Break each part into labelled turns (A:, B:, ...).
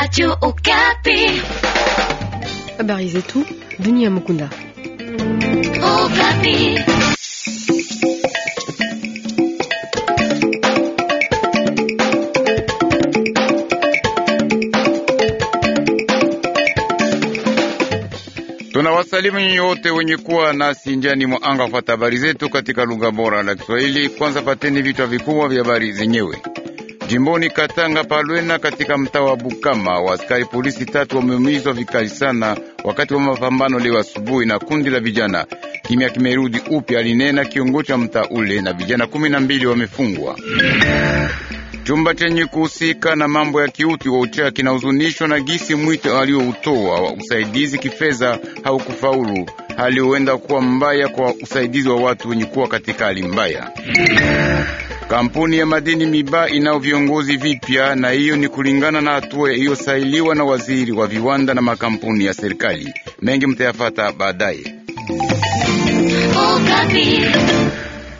A: Radio Okapi.
B: Habari zetu dunia Mukunda.
A: Okapi.
C: Tunawasalimu nyinyi wote wenye kuwa nasi njani mwa anga kufuata habari zetu katika lugha bora la Kiswahili. Kwanza pateni vichwa vikubwa vya habari zenyewe. Jimboni Katanga Palwena katika mtaa wa Bukama, askari polisi tatu wameumizwa vikali sana wakati wa mapambano leo asubuhi na kundi la vijana. Kimya kimerudi upya, alinena kiongozi cha mtaa ule, na vijana kumi na mbili wamefungwa. Chumba chenye kuhusika na mambo ya kiuti wa ucha kinahuzunishwa na gisi mwito aliyoutoa wa usaidizi kifedha haukufaulu. Hali huenda kuwa mbaya kwa usaidizi wa watu wenye kuwa katika hali mbaya. Kampuni ya madini Miba inao viongozi vipya, na hiyo ni kulingana na hatua iliyosailiwa na waziri wa viwanda na makampuni ya serikali. Mengi mtayafata baadaye. Oh,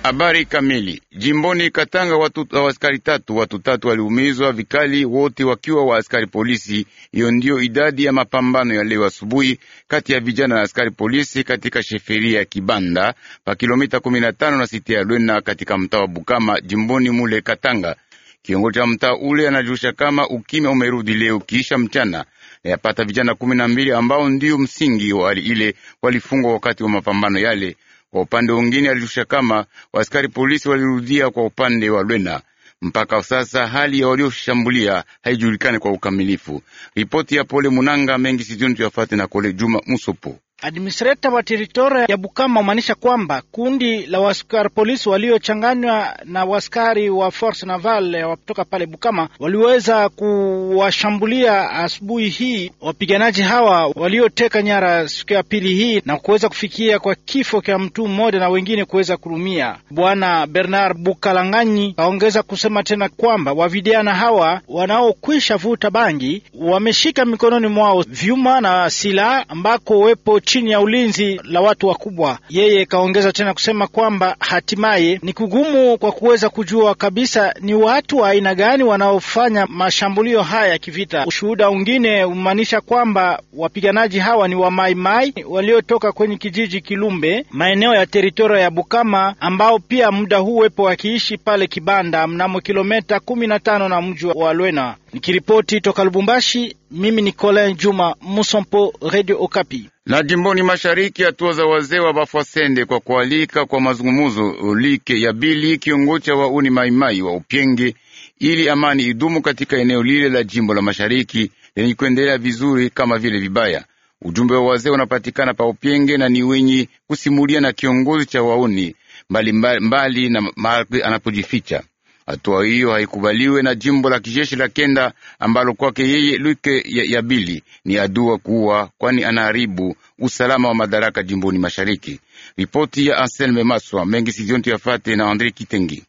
C: Habari kamili jimboni Katanga, watu askari tatu watu tatu waliumizwa vikali, wote wakiwa wa askari polisi. Hiyo ndiyo idadi ya mapambano ya leo asubuhi kati ya vijana na askari polisi katika sheferia ya Kibanda pa kilomita 15 na siti ya Lwena katika mtaa wa Bukama jimboni mule Katanga. Kiongozi cha mtaa ule anajulisha kama ukimya umerudi leo kisha mchana. Yapata vijana kumi na mbili ambao ndio msingi wa hali ile walifungwa wakati wa mapambano yale. Kwa upande mwingine, alirusha kama waskari polisi walirudia kwa upande wa Lwena. Mpaka sasa hali ya walioshambulia haijulikani kwa ukamilifu. Ripoti ya Pole Munanga mengi sizioni tuyafate na Kole Juma Musopo.
D: Administrator wa teritoria ya Bukama wamaanisha kwamba kundi la waskari polisi waliochanganywa na waskari wa Force Navale kutoka pale Bukama waliweza kuwashambulia asubuhi hii wapiganaji hawa walioteka nyara siku ya pili hii na kuweza kufikia kwa kifo cha mtu mmoja na wengine kuweza kurumia. Bwana Bernard Bukalanganyi kaongeza kusema tena kwamba wavijana hawa wanaokwisha vuta bangi wameshika mikononi mwao vyuma na silaha ambako wepo chini ya ulinzi la watu wakubwa. Yeye kaongeza tena kusema kwamba hatimaye ni kugumu kwa kuweza kujua kabisa ni watu wa aina gani wanaofanya mashambulio haya ya kivita. Ushuhuda mwingine umaanisha kwamba wapiganaji hawa ni wamaimai waliotoka kwenye kijiji Kilumbe, maeneo ya teritoria ya Bukama, ambao pia muda huu wepo wakiishi pale Kibanda mnamo kilometa kumi na tano na mji wa Lwena. Nikiripoti toka Lubumbashi, mimi ni Colin Juma Musompo, Radio Okapi.
C: Na jimboni mashariki, hatua za wazee wa Bafwasende kwa kualika kwa mazungumuzo ulike ya Bili, kiongocha wa uni maimai wa Upyenge, ili amani idumu katika eneo lile la jimbo la mashariki lenye kuendelea vizuri kama vile vibaya. Ujumbe wa wazee unapatikana pa Upyenge na ni wenye kusimulia na kiongozi cha wauni mbali, mbali, mbali na mahali anapojificha Hatua hiyo haikubaliwe na jimbo la kijeshi la Kenda ambalo kwake yeye Luke Yabili ni adua kuwa, kwani anaharibu usalama wa madaraka jimboni mashariki. Ripoti ya Anselme Maswa Mengi Sidionti Yafate na Andre Kitengi.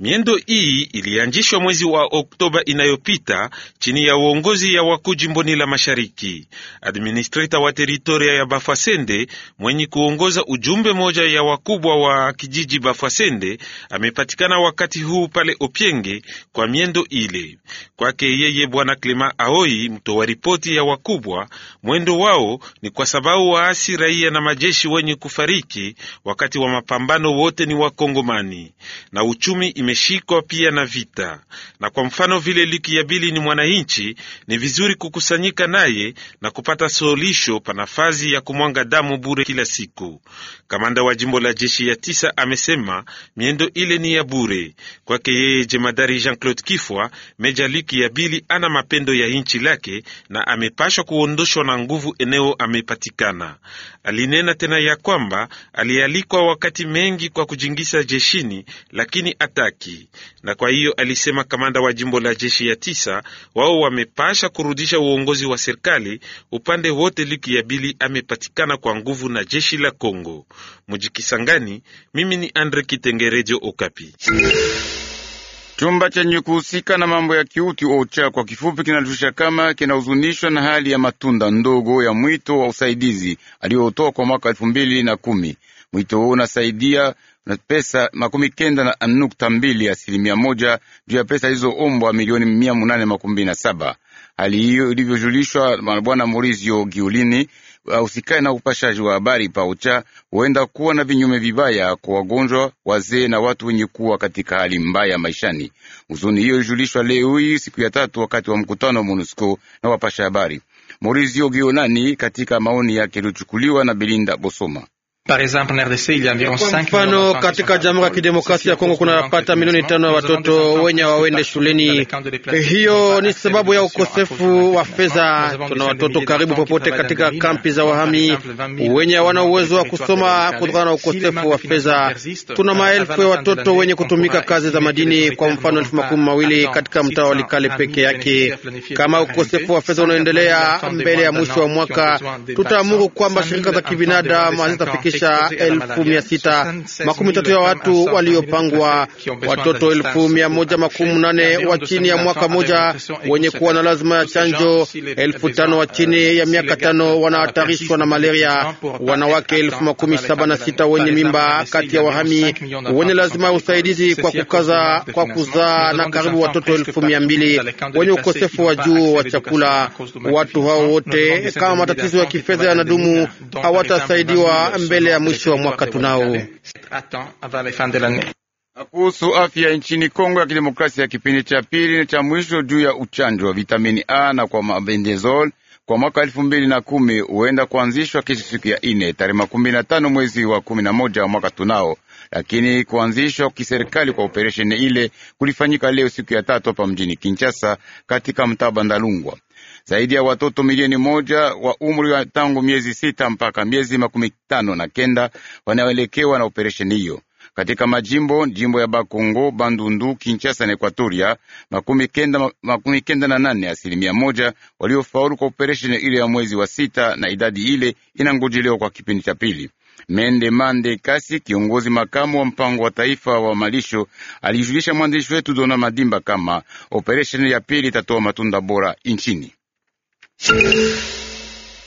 E: Miendo hii ilianzishwa mwezi wa Oktoba inayopita chini ya uongozi ya wakuu jimboni la Mashariki. Administrator wa teritoria ya Bafasende mwenye kuongoza ujumbe moja ya wakubwa wa kijiji Bafasende amepatikana wakati huu pale Opienge kwa miendo ile. Kwake yeye Bwana Klema Aoi, mtoa ripoti ya wakubwa, mwendo wao ni kwa sababu waasi raia na majeshi wenye kufariki wakati wa mapambano wote ni Wakongomani na uchumi kimeshikwa pia na vita, na kwa mfano vile Bili ni mwananchi, ni vizuri kukusanyika naye na kupata suluhisho pa nafasi ya kumwanga damu bure kila siku. Kamanda wa jimbo la jeshi ya tisa amesema miendo ile ni ya bure kwake yeye. Jemadari Jean-Claude Kifwa, meja Bili ana mapendo ya nchi lake na amepashwa kuondoshwa na nguvu eneo amepatikana. Alinena tena ya kwamba alialikwa wakati mengi kwa kujingisa jeshini, lakini ataki haki. Na kwa hiyo alisema kamanda wa jimbo la jeshi ya tisa, wao wamepasha kurudisha uongozi wa serikali upande wote. Luki bili amepatikana kwa nguvu na jeshi la Kongo mujikisangani. Mimi ni Andre Kitengerejo, Okapi.
C: Chumba chenye kuhusika na mambo ya kiuti OCHA kwa kifupi kinajulisha kama kinahuzunishwa na hali ya Matunda ndogo ya mwito wa usaidizi aliyotoa kwa mwaka elfu mbili na kumi. Mwito huo unasaidia na pesa makumi kenda na nukta mbili asilimia moja juu ya pesa ilizoombwa milioni mia munane makumi na saba. Hali hiyo ilivyojulishwa na bwana Maurizio Giulini, ausikane na upashaji wa habari paucha, huenda kuwa na vinyume vibaya kwa wagonjwa, wazee na watu wenye kuwa katika hali mbaya maishani. Huzuni hiyo ilijulishwa leo hii siku ya tatu wakati wa mkutano wa MONUSCO na wapasha habari. Maurizio Giulani katika maoni yake yaliyochukuliwa na Belinda Bosoma
B: kwa mfano katika Jamhuri ya Kidemokrasia ya Kongo kunapata milioni tano ya watoto wenye hawaende shuleni. Hiyo ni sababu ya ukosefu wa fedha. Tuna watoto karibu popote katika kampi za wahami wenye hawana uwezo wa kusoma kutokana na ukosefu wa fedha. Tuna maelfu ya watoto wenye kutumika kazi za madini, kwa mfano elfu makumi mawili katika mtaa wa Likale peke yake. Kama ukosefu wa fedha unaendelea mbele ya mwisho wa mwaka, tutaamuru kwamba shirika za kibinadamu hazitafikisha kisha elfu mia sita makumi tatu ya watu waliopangwa, watoto elfu mia moja makumi nane wa chini ya mwaka moja wenye kuwa na lazima ya chanjo, elfu tano wa chini ya miaka tano wanahatarishwa na malaria, wanawake elfu makumi saba na sita wenye mimba kati ya wahami wenye lazima ya usaidizi kwa kukaza kwa kuzaa na karibu watoto elfu mia mbili wenye ukosefu wa juu wa chakula. Watu hao wote, kama matatizo ya kifedha yanadumu, hawatasaidiwa mbele kuendelea mwisho wa mwaka tunao
C: kuhusu afya nchini Kongo ya Kidemokrasia ya kipindi cha pili cha mwisho juu ya uchanjo wa vitamini A na kwa mabendezol kwa mwaka elfu mbili na kumi huenda kuanzishwa kesho siku ya ine tarehe makumi na tano mwezi wa kumi na moja wa mwaka tunao, lakini kuanzishwa kiserikali kwa operesheni ile kulifanyika leo siku ya tatu hapa mjini Kinshasa katika mtaa Bandalungwa. Zaidi ya watoto milioni moja wa umri wa tangu miezi sita mpaka miezi makumi tano na kenda wanaoelekewa na operesheni hiyo katika majimbo jimbo ya Bakongo, Bandundu, Kinshasa na Ekwatoria, makumi kenda, makumi kenda na nane asilimia moja waliofaulu kwa operesheni ile ya mwezi wa sita, na idadi ile inangojelewa kwa kipindi cha pili. Mende Mande Kasi, kiongozi makamu wa mpango wa taifa wa malisho, alijulisha mwandishi wetu Dona Madimba kama operesheni ya pili itatoa matunda bora nchini.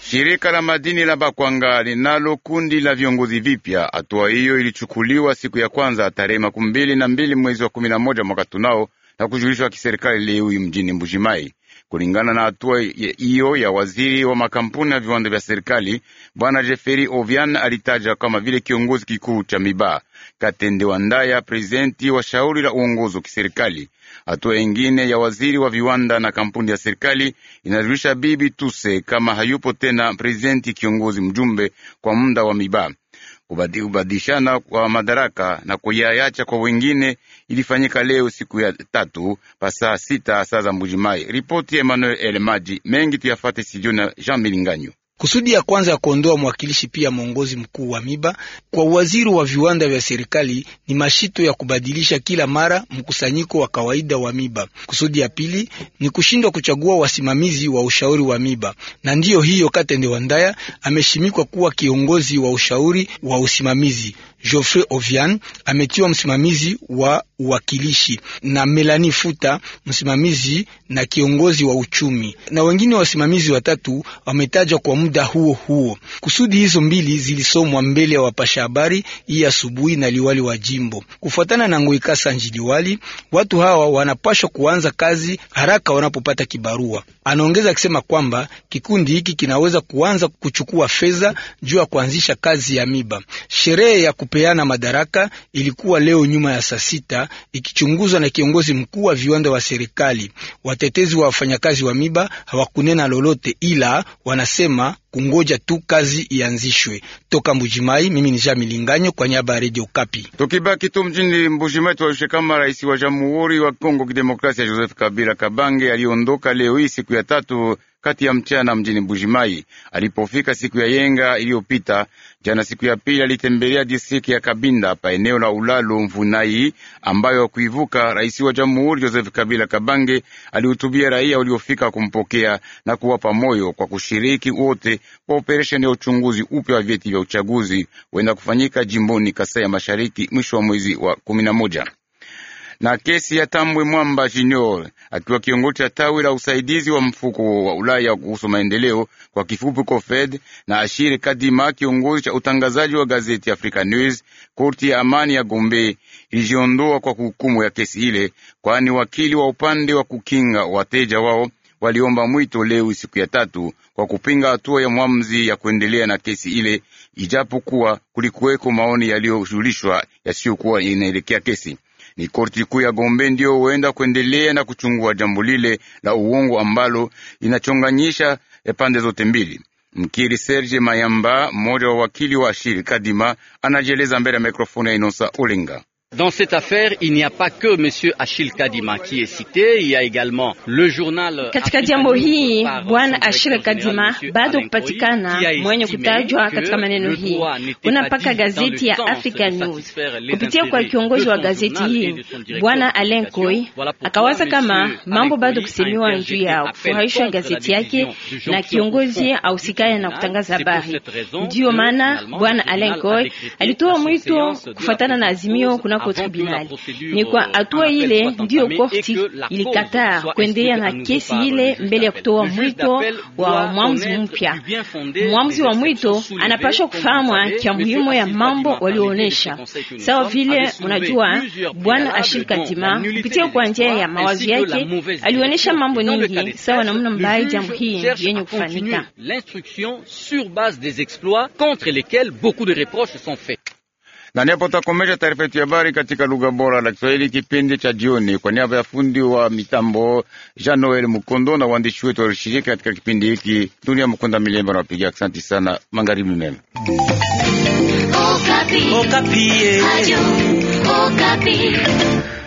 C: Shirika la madini la Bakwanga linalo kundi la viongozi vipya. Hatua hiyo ilichukuliwa siku ya kwanza tarehe makumi mbili na mbili mwezi wa kumi na moja mwaka tunao na kujulishwa kiserikali leo mjini Mbujimai. Kulingana na hatua hiyo ya waziri wa makampuni na viwanda vya serikali, bwana Jeferi Ovian alitaja kama vile kiongozi kikuu cha Miba Katende Wandaya, prezidenti wa shauri la uongozi wa kiserikali. Hatua ingine ya waziri wa viwanda na kampuni ya serikali inajulisha Bibi Tuse kama hayupo tena prezidenti kiongozi mjumbe kwa muda wa Miba kubadilishana kwa madaraka na kuyayacha kwa wengine ilifanyika leo siku ya tatu pa saa sita saa za Mbujimai. Ripoti ya Emmanuel Elmaji mengi tuyafate sijuna na Jean Milinganyo.
A: Kusudi ya kwanza ya kuondoa mwakilishi pia mwongozi mkuu wa MIBA kwa waziri wa viwanda vya serikali ni mashito ya kubadilisha kila mara mkusanyiko wa kawaida wa MIBA. Kusudi ya pili ni kushindwa kuchagua wasimamizi wa ushauri wa MIBA, na ndiyo hiyo Katende Wandaya ameshimikwa kuwa kiongozi wa ushauri wa usimamizi. Geoffrey Ovian ametiwa msimamizi wa uwakilishi na Melanie Futa msimamizi na kiongozi wa uchumi, na wengine wasimamizi watatu wametajwa kwa muda huo huo. Kusudi hizo mbili zilisomwa mbele ya wapasha habari hii asubuhi na liwali wa jimbo. Kufuatana na Ngoikasa Njiliwali, watu hawa wanapashwa kuanza kazi haraka wanapopata kibarua. Anaongeza akisema kwamba kikundi hiki kinaweza kuanza kuchukua fedha juu ya kuanzisha kazi ya miba. Sherehe ya kupeana madaraka ilikuwa leo nyuma ya saa sita ikichunguzwa na kiongozi mkuu wa viwanda wa serikali. Watetezi wa wafanyakazi wa miba hawakunena lolote, ila wanasema kungoja tu kazi ianzishwe. Toka Mbujimai, mimi ni Jean Milinganyo kwa niaba ya Radio Kapi.
C: Tukibaki tu mjini Mbujimai, tuwaishe kama rais wa Jamhuri wa Kongo Kidemokrasia Joseph Kabila Kabange aliondoka leo hii siku ya tatu kati ya mchana mjini bujimai Alipofika siku ya yenga iliyopita jana, siku ya pili, alitembelea distrikti ya Kabinda pa eneo la Ulalo Mvunai, ambayo kuivuka rais wa jamhuri Joseph Kabila Kabange alihutubia raia waliofika kumpokea na kuwapa moyo kwa kushiriki wote kwa operesheni ya uchunguzi upya wa vyeti vya uchaguzi wenda kufanyika jimboni Kasai ya Mashariki mwisho wa mwezi wa kumi na moja na kesi ya Tambwe Mwamba Junior akiwa kiongozi cha tawi la usaidizi wa mfuko wa Ulaya kuhusu maendeleo kwa kifupi COFED, na Ashire Kadima kiongozi cha utangazaji wa gazeti Africa News. Korti ya amani ya Gombe ilijiondoa kwa hukumu ya kesi ile, kwani wakili wa upande wa kukinga wateja wao waliomba mwito leo siku ya tatu kwa kupinga hatua ya mwamzi ya kuendelea na kesi ile, ijapokuwa kulikuweko maoni yaliyojulishwa yasiyokuwa inaelekea kesi. Ni korti kuu ya Gombe ndiyo huenda kuendelea na kuchungua jambo lile la uongo ambalo linachonganyisha pande zote mbili. Mkiri Serge Mayamba, mmoja wa wakili wa shirika Kadima, anajieleza mbele ya mikrofoni ya Inosa ulinga Dans cette affaire, il n'y a pas que M. Achille Kadima qui est cité, il y a également le journal. Katika jambo
A: hii bwana Achille Kadima bado kupatikana mwenye kutajwa katika maneno hii. Kuna mpaka gazeti ya Africa News kupitia kwa kiongozi wa gazeti hii bwana Alain Koy akawaza kama mambo bado kusemiwa juu ya kufurahishwa gazeti yake na kiongozi ausikaye na kutangaza habari. Ndiyo maana bwana Alain Koy alitoa mwito kufuatana na azimio kuna kunako tribunali. Ni kwa hatua ile ndiyo korti ilikataa kuendelea na kesi ile mbele ya kutoa mwito wa mwamuzi mpya. Mwamuzi wa mwito anapaswa kufahamwa kia muhimu ya mambo walioonesha, sawa vile unajua bwana Ashil Katima kupitia kwa njia ya mawazo yake alionesha mambo nyingi sawa namna mbaya jambo hii yenye kufanyika.
D: L'instruction sur base des exploits contre lesquels beaucoup de reproches sont faits
C: na niapo takomesha taarifa yetu ya habari katika lugha bora la Kiswahili kipindi cha jioni, kwa niaba ya fundi wa mitambo Jean Noel Mukondo na waandishi wetu walioshiriki katika kipindi hiki, dunia Mukunda Milemba na wapiga asante sana, magharibi mema. Okapi. Okapi. Eh.